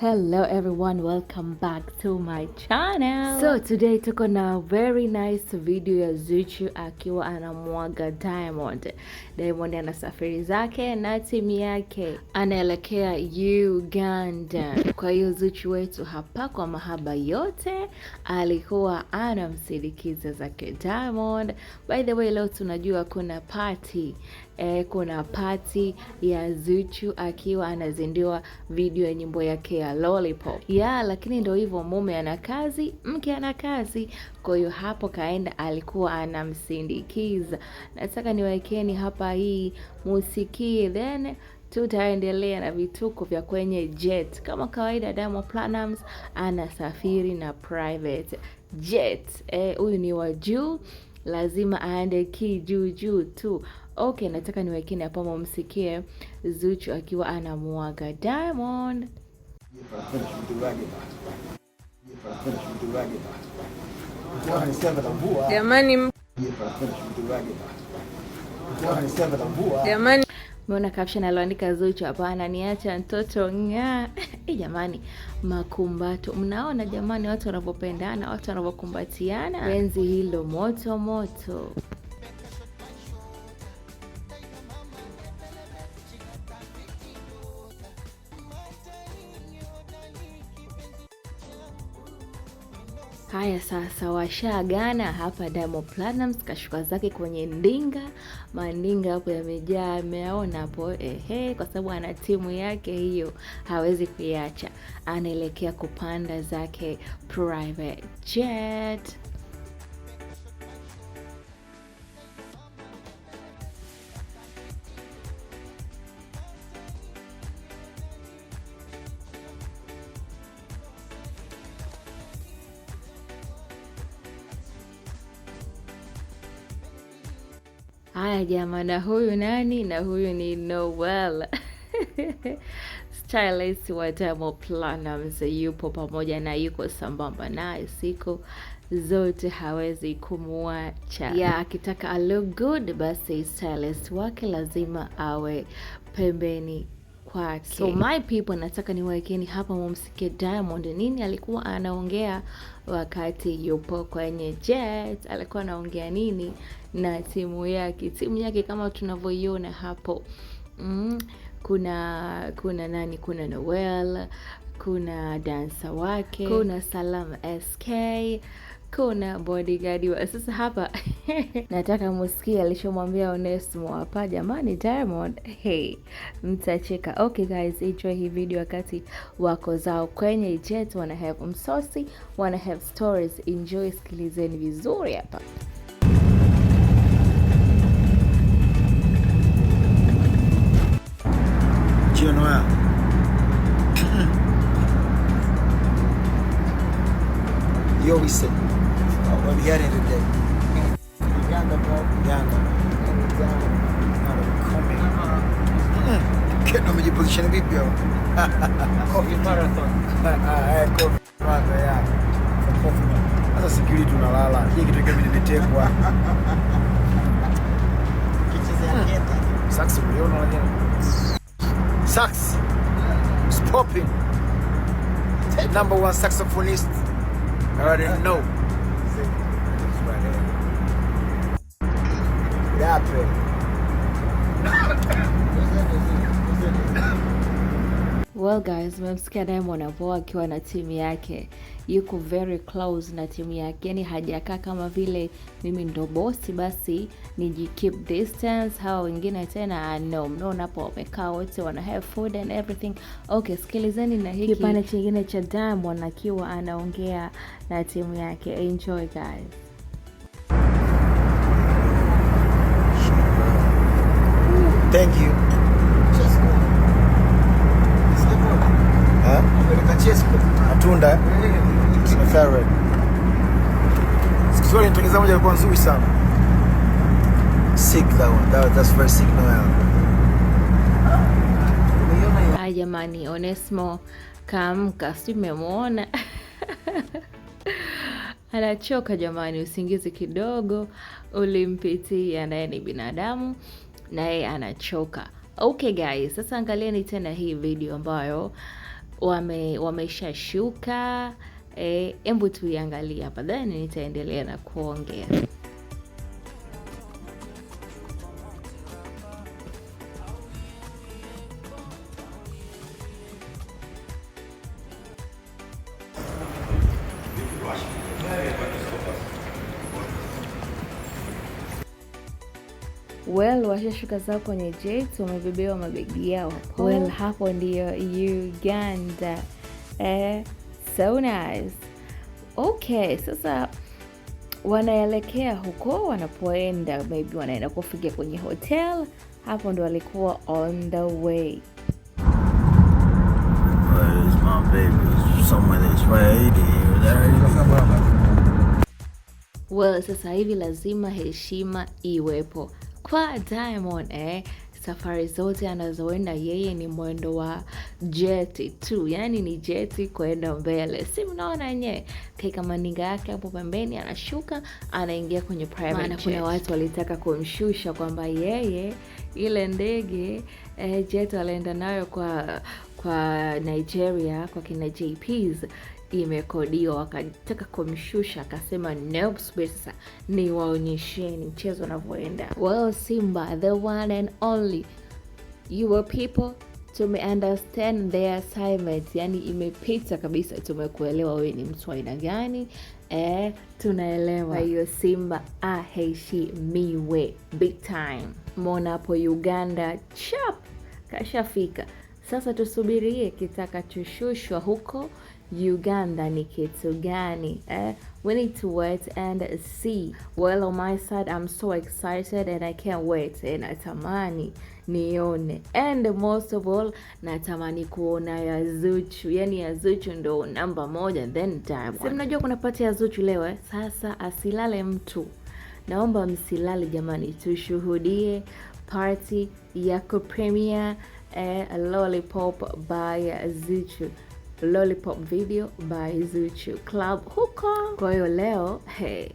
Hello everyone, welcome back to my channel. So today tuko na very nice video ya Zuchu akiwa anamwaga Diamond. Diamond ana safari zake na timu yake anaelekea Uganda. Kwa hiyo Zuchu wetu hapa kwa mahaba yote alikuwa anamsindikiza zake Diamond. By the way, leo tunajua kuna party eh, kuna pati ya Zuchu akiwa anazindiwa video ya nyimbo yake ya lollipop ya, lakini ndo hivyo, mume ana kazi, mke ana kazi. Kwa hiyo hapo kaenda, alikuwa anamsindikiza. Nataka niwekeni hapa hii musikie, then tutaendelea na vituko vya kwenye jet. Kama kawaida, Diamond Platnumz anasafiri na private jet. Eh, huyu ni wa juu, lazima aende ki juu tu. Okay, nataka niwekeni hapo mumsikie Zuchu akiwa anamwaga Diamond. Jamani, mbona caption aloandika Zuchu? Hapana, niacha mtoto ng'aa. E eh, jamani, makumbato! Mnaona jamani, watu wanavyopendana, watu wanavyokumbatiana. Penzi hilo moto moto. Haya sasa, washaagana hapa. Diamond Platnumz kashuka zake kwenye ndinga, mandinga hapo yamejaa, ameaona hapo ehe, kwa sababu ana timu yake hiyo, hawezi kuiacha. Anaelekea kupanda zake private jet. Haya jamaa, na huyu nani? Na huyu ni Noel stylist wa Diamond Platnumz yupo pamoja na yuko sambamba naye siku zote, hawezi kumwacha ya akitaka a look good, basi stylist wake lazima awe pembeni kwake. So my people, nataka niwekeni hapa mumsikie Diamond nini alikuwa anaongea wakati yupo kwenye jet, alikuwa anaongea nini na timu yake. Timu yake kama tunavyoiona hapo mm, kuna kuna nani, kuna Noel, kuna dansa wake, kuna Salam SK kuna bodyguard wa sasa hapa nataka musikie alichomwambia Onesmo hapa jamani, Diamond. Hey, mtacheka. Okay guys, enjoy hii video. Wakati wako zao kwenye jet, wana have msosi, wana have stories. Enjoy, sikilizeni vizuri hapa. Yo, we said What we had it today. Uganda, bro. Uganda. Uganda. Coming. Kid no mji position vipyo. Coffee marathon. Ah, ah, eh, coffee marathon ya. Sasa sikili tunalala. Hii kitu kama nimetekwa. Kichezea kete. Sax uliona wenyewe. Sax. Stopping. Number one saxophonist. I already know. Dapre. Well guys, mmemsikia naye Mwanavoa akiwa na timu yake, yuko very close na timu yake, yani hajakaa kama vile mimi ndo bosi basi niji keep distance, hawa wengine tena no. Mnaona hapo wamekaa wote wana have food and everything. Okay, sikilizeni na hiki kipande chingine cha Diamond akiwa anaongea na timu yake. Enjoy guys. Thank you. Matunda eh. nzuri sana. Jamani, Onesmo kaamka, si mmemwona? Anachoka jamani, usingizi kidogo ulimpitia, naye ni binadamu naye anachoka. Okay guys, sasa angalieni tena hii video ambayo wame wameshashuka. Hebu eh, tuiangalie hapa, then nitaendelea na kuongea. Well, washashuka zao kwenye jet, wamebebewa mabegi yao. Oh. Well, hapo ndiyo Uganda eh, so nice. Okay, sasa wanaelekea huko wanapoenda, maybe wanaenda kufikia kwenye hotel. Hapo ndo walikuwa on the way well, sasa hivi lazima heshima iwepo. Kwa Diamond eh, safari zote anazoenda yeye ni mwendo wa jeti tu, yani ni jeti kwenda mbele, si mnaona wenyewe. Kaika maninga yake hapo pembeni, anashuka anaingia kwenye private jet. Kuna watu walitaka kumshusha kwamba yeye ile ndege eh, jet alienda nayo kwa kwa Nigeria kwa kina JPs imekodiwa wakataka kumshusha, akasema no, subiri sasa niwaonyesheni mchezo unavyoenda. Well, Simba the one and only, you people tumeunderstand the assignment, yani imepita kabisa, tumekuelewa wewe ni mtu aina gani eh, tunaelewa hiyo. Simba aheshimiwe big time. Mona hapo Uganda chap kashafika sasa, tusubirie kitakachoshushwa huko Uganda ni kitu gani? Eh, we need to wait and see. Well, on my side I'm so excited and I can't wait. Eh, natamani nione and most of all natamani kuona ya Zuchu, yani ya Zuchu ndo namba moja, then Diamond. Si mnajua kuna pati ya Zuchu leo eh? Sasa asilale mtu, naomba msilale jamani, tushuhudie party ya kupremia eh, Lollipop by Zuchu. Lollipop video by Zuchu Club huko. Kwa hiyo leo hey,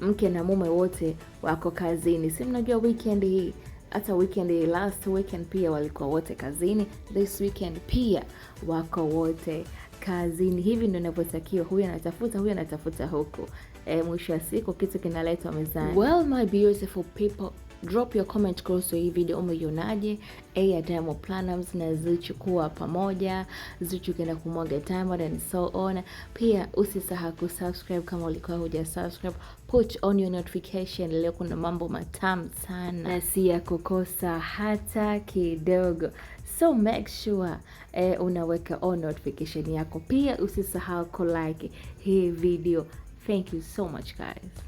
mke na mume wote wako kazini, si mnajua weekend hii hata weekend hii last weekend pia walikuwa wote kazini, this weekend pia wako wote kazini. Hivi ndio inavyotakiwa, huyu anatafuta, huyu anatafuta huku, e, mwisho wa siku kitu kinaletwa mezani. Well my beautiful people, Drop your comment kuhusu hii video, umeionaje? A ya Diamond Platnumz na Zuchu kuwa pamoja, Zuchu kenda kumwaga Diamond and so on. Pia usisahau kusubscribe kama ulikuwa huja subscribe, put on your notification. Leo kuna mambo matamu sana na si ya kukosa hata kidogo, so make sure eh, unaweka on notification yako. Pia usisahau kulike hii video. Thank you so much guys.